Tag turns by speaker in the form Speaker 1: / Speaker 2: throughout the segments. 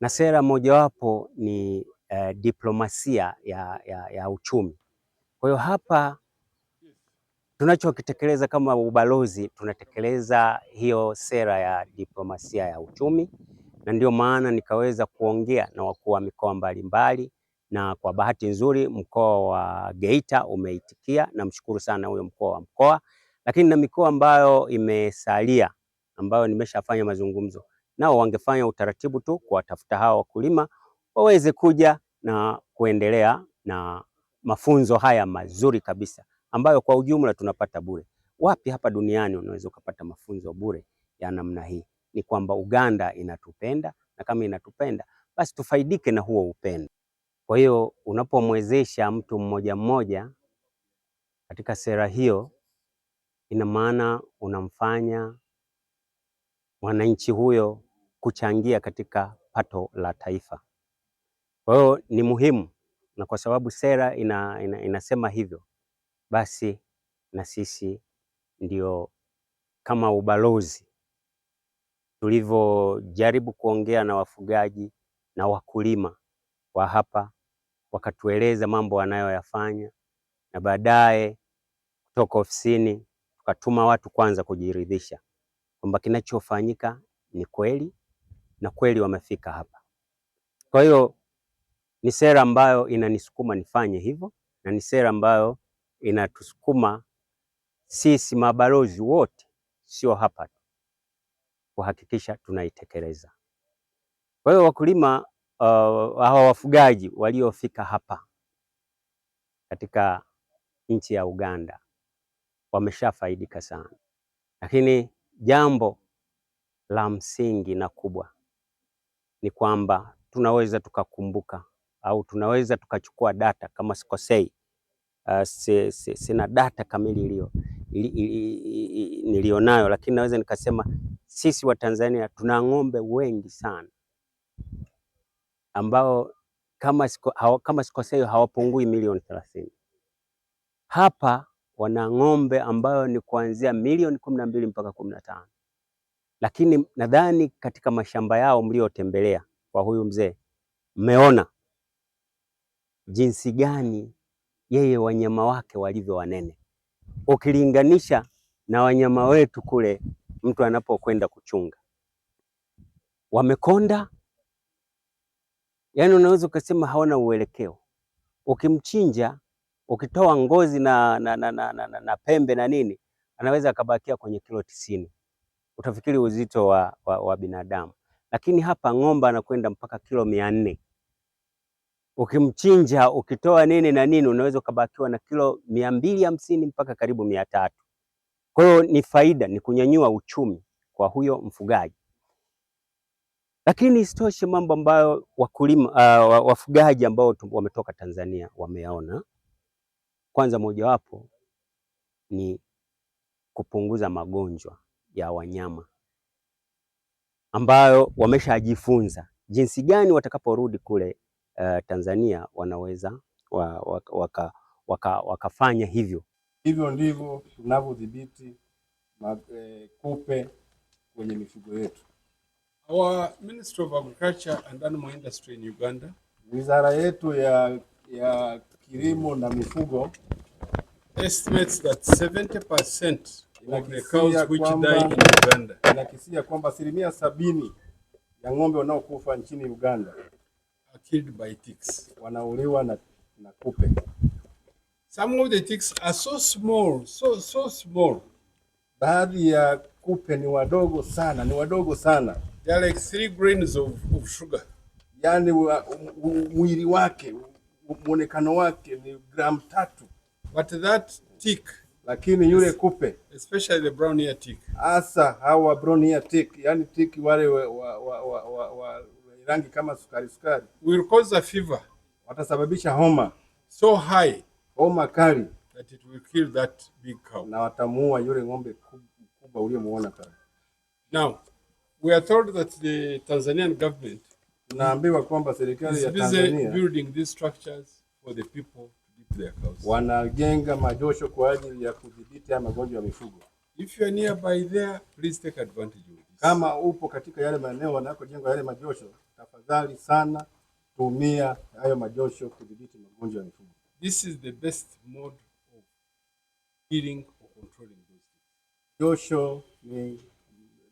Speaker 1: na sera mojawapo ni eh, diplomasia ya, ya, ya uchumi. Kwa hiyo hapa tunachokitekeleza kama ubalozi tunatekeleza hiyo sera ya diplomasia ya uchumi, na ndio maana nikaweza kuongea na wakuu wa mikoa mbalimbali, na kwa bahati nzuri mkoa wa Geita umeitikia, namshukuru sana huyo mkoa wa mkoa, lakini na mikoa ambayo imesalia ambayo nimeshafanya mazungumzo nao wangefanya utaratibu tu kuwatafuta hawa wakulima waweze kuja na kuendelea na mafunzo haya mazuri kabisa ambayo kwa ujumla tunapata bure. Wapi hapa duniani unaweza ukapata mafunzo bure ya namna hii? Ni kwamba Uganda inatupenda na kama inatupenda basi tufaidike na huo upendo. Kwa hiyo unapomwezesha mtu mmoja mmoja katika sera hiyo, ina maana unamfanya mwananchi huyo kuchangia katika pato la taifa. Kwa hiyo ni muhimu, na kwa sababu sera ina, ina, inasema hivyo, basi na sisi ndio kama ubalozi tulivyojaribu kuongea na wafugaji na wakulima wa hapa, wakatueleza mambo wanayoyafanya, na baadaye kutoka ofisini tukatuma watu kwanza kujiridhisha kwamba kinachofanyika ni kweli na kweli wamefika hapa. Kwa hiyo ni sera ambayo inanisukuma nifanye hivyo, na ni sera ambayo inatusukuma sisi mabalozi wote, sio hapa tu, kuhakikisha tunaitekeleza. Kwa hiyo wakulima uh, hawa, wafugaji waliofika hapa katika nchi ya Uganda wameshafaidika sana, lakini jambo la msingi na kubwa ni kwamba tunaweza tukakumbuka au tunaweza tukachukua data kama sikosei, uh, se, se, sina data kamili iliyo nilionayo, lakini naweza nikasema sisi Watanzania tuna ng'ombe wengi sana ambao kama, siko, hawa, kama sikosei hawapungui milioni thelathini. Hapa wana ng'ombe ambayo ni kuanzia milioni kumi na mbili mpaka kumi na tano lakini nadhani katika mashamba yao mliotembelea kwa huyu mzee, mmeona jinsi gani yeye wanyama wake walivyo wanene ukilinganisha na wanyama wetu kule. Mtu anapokwenda kuchunga wamekonda, yaani unaweza ukasema hawana uelekeo. Ukimchinja, ukitoa ngozi na, na, na, na, na, na pembe na nini, anaweza akabakia kwenye kilo tisini utafikiri uzito wa, wa, wa binadamu, lakini hapa ng'ombe anakwenda mpaka kilo mia nne ukimchinja ukitoa nini na nini, unaweza ukabakiwa na kilo mia mbili hamsini mpaka karibu mia tatu. Kwa hiyo ni faida, ni kunyanyua uchumi kwa huyo mfugaji, lakini isitoshe mambo ambayo wakulima uh, wafugaji ambao wametoka Tanzania wameyaona, kwanza mojawapo ni kupunguza magonjwa ya wanyama ambayo wameshajifunza jinsi gani watakaporudi kule uh, Tanzania wanaweza wa, waka, waka, wakafanya hivyo.
Speaker 2: Hivyo ndivyo tunavyodhibiti eh, kupe kwenye mifugo yetu. Our Ministry of Agriculture and Animal Industry in Uganda, wizara yetu ya, ya kilimo na mifugo estimates that 70% inakisia kwamba asilimia sabini ya ng'ombe wanaokufa nchini Uganda wanauliwa na, na kupe. Some of the ticks are so small, so, so small. Baadhi ya kupe ni wadogo sana, ni wadogo sana. They are like three grains of, of sugar. Yani mwili wake, mwonekano wake ni gramu tatu. But that tick lakini yule kupe especially the brown ear tick, hasa hawa brown ear tick, yani tick wale wa, wa, wa, wa, wa, wa rangi kama sukari sukari, will cause a fever, watasababisha homa so high, homa kali that it will kill that big cow, na watamuua yule ng'ombe kubwa uliyomuona pale. Now we are told that the Tanzanian government, tunaambiwa kwamba serikali ya Tanzania building these structures for the people wanajenga majosho kwa ajili ya kudhibiti haya magonjwa ya mifugo. If you are nearby there, please take advantage of this. Kama upo katika yale maeneo wanakojengwa yale majosho, tafadhali sana tumia hayo majosho kudhibiti magonjwa ya mifugo. This is the best mode of healing or controlling those things. Josho ni,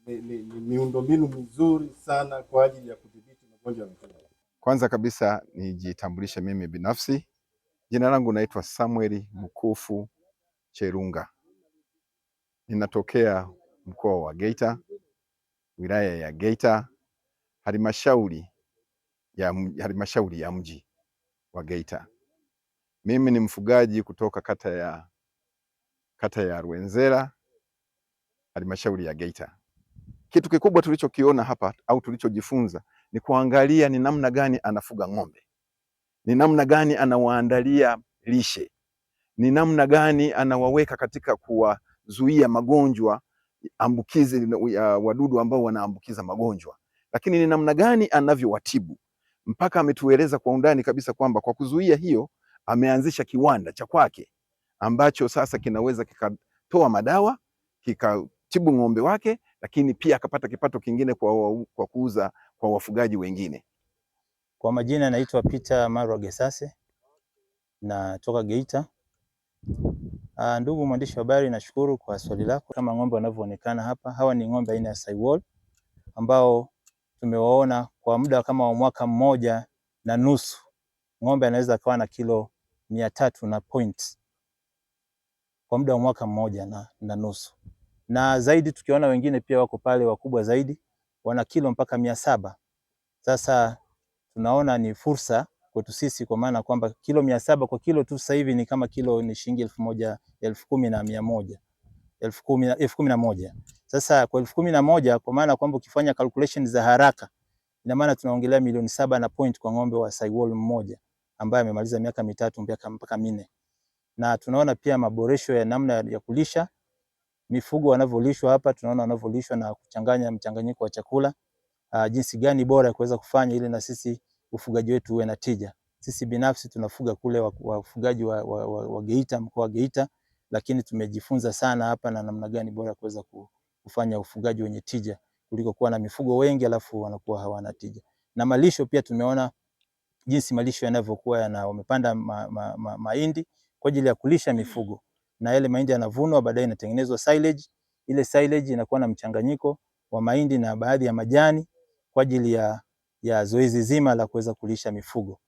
Speaker 2: ni, ni, ni miundombinu mizuri sana kwa ajili ya kudhibiti magonjwa ya mifugo.
Speaker 3: Kwanza kabisa nijitambulishe mimi binafsi Jina langu naitwa Samuel mkufu Cherunga, ninatokea mkoa wa Geita, wilaya ya Geita, halmashauri ya halmashauri ya mji wa Geita. Mimi ni mfugaji kutoka kata ya kata ya Rwenzera, halmashauri ya Geita. Kitu kikubwa tulichokiona hapa au tulichojifunza ni kuangalia ni namna gani anafuga ng'ombe ni namna gani anawaandalia lishe, ni namna gani anawaweka katika kuwazuia magonjwa ambukizi, wadudu ambao wanaambukiza magonjwa, lakini ni namna gani anavyowatibu mpaka ametueleza kwa undani kabisa kwamba kwa kuzuia hiyo ameanzisha kiwanda cha kwake ambacho sasa kinaweza kikatoa madawa kikatibu ng'ombe wake, lakini pia akapata kipato kingine kwa, kwa kuuza kwa wafugaji wengine.
Speaker 4: Kwa majina naitwa Peter Marwa Gesase na toka Geita. Ah, ndugu mwandishi wa habari, nashukuru kwa swali lako. Kama ng'ombe wanavyoonekana hapa, hawa ni ng'ombe aina ya Sahiwal ambao tumewaona kwa muda kama wa mwaka mmoja na nusu. Ng'ombe anaweza akawa na kilo mia tatu na point kwa muda wa mwaka mmoja na, na nusu na zaidi, tukiona wengine pia wako pale wakubwa zaidi wana kilo mpaka mia saba. Sasa tunaona ni fursa kwetu sisi kwa maana kwamba kilo mia saba kwa kilo tu sasa hivi ni kama kilo ni shilingi elfu moja elfu kumi na mia moja elfu kumi elfu kumi na moja Sasa kwa elfu kumi na moja kwa maana kwamba ukifanya calculation za haraka, ina maana tunaongelea milioni saba na point kwa ng'ombe wa Sahiwal mmoja ambaye amemaliza miaka mitatu mpaka minne, na tunaona pia maboresho ya namna ya kulisha mifugo wanavyolishwa hapa, tunaona wanavyolishwa na kuchanganya mchanganyiko wa chakula uh, jinsi gani bora ya kuweza kufanya ili na sisi ufugaji wetu uwe na tija. Sisi binafsi tunafuga kule wafugaji wa, wa, wa, wa Geita, mkoa wa Geita, lakini tumejifunza sana hapa na namna gani bora ya kuweza kufanya ufugaji wenye tija kuliko kuwa na mifugo wengi alafu wanakuwa hawana tija. Na malisho pia tumeona jinsi malisho yanavyokuwa yana wamepanda mahindi ma, ma, ma, kwa ajili ya kulisha mifugo na yale mahindi yanavunwa, baadaye inatengenezwa silage. Ile silage inakuwa na mchanganyiko wa mahindi na baadhi ya majani kwa ajili ya, ya zoezi zima la kuweza kulisha mifugo.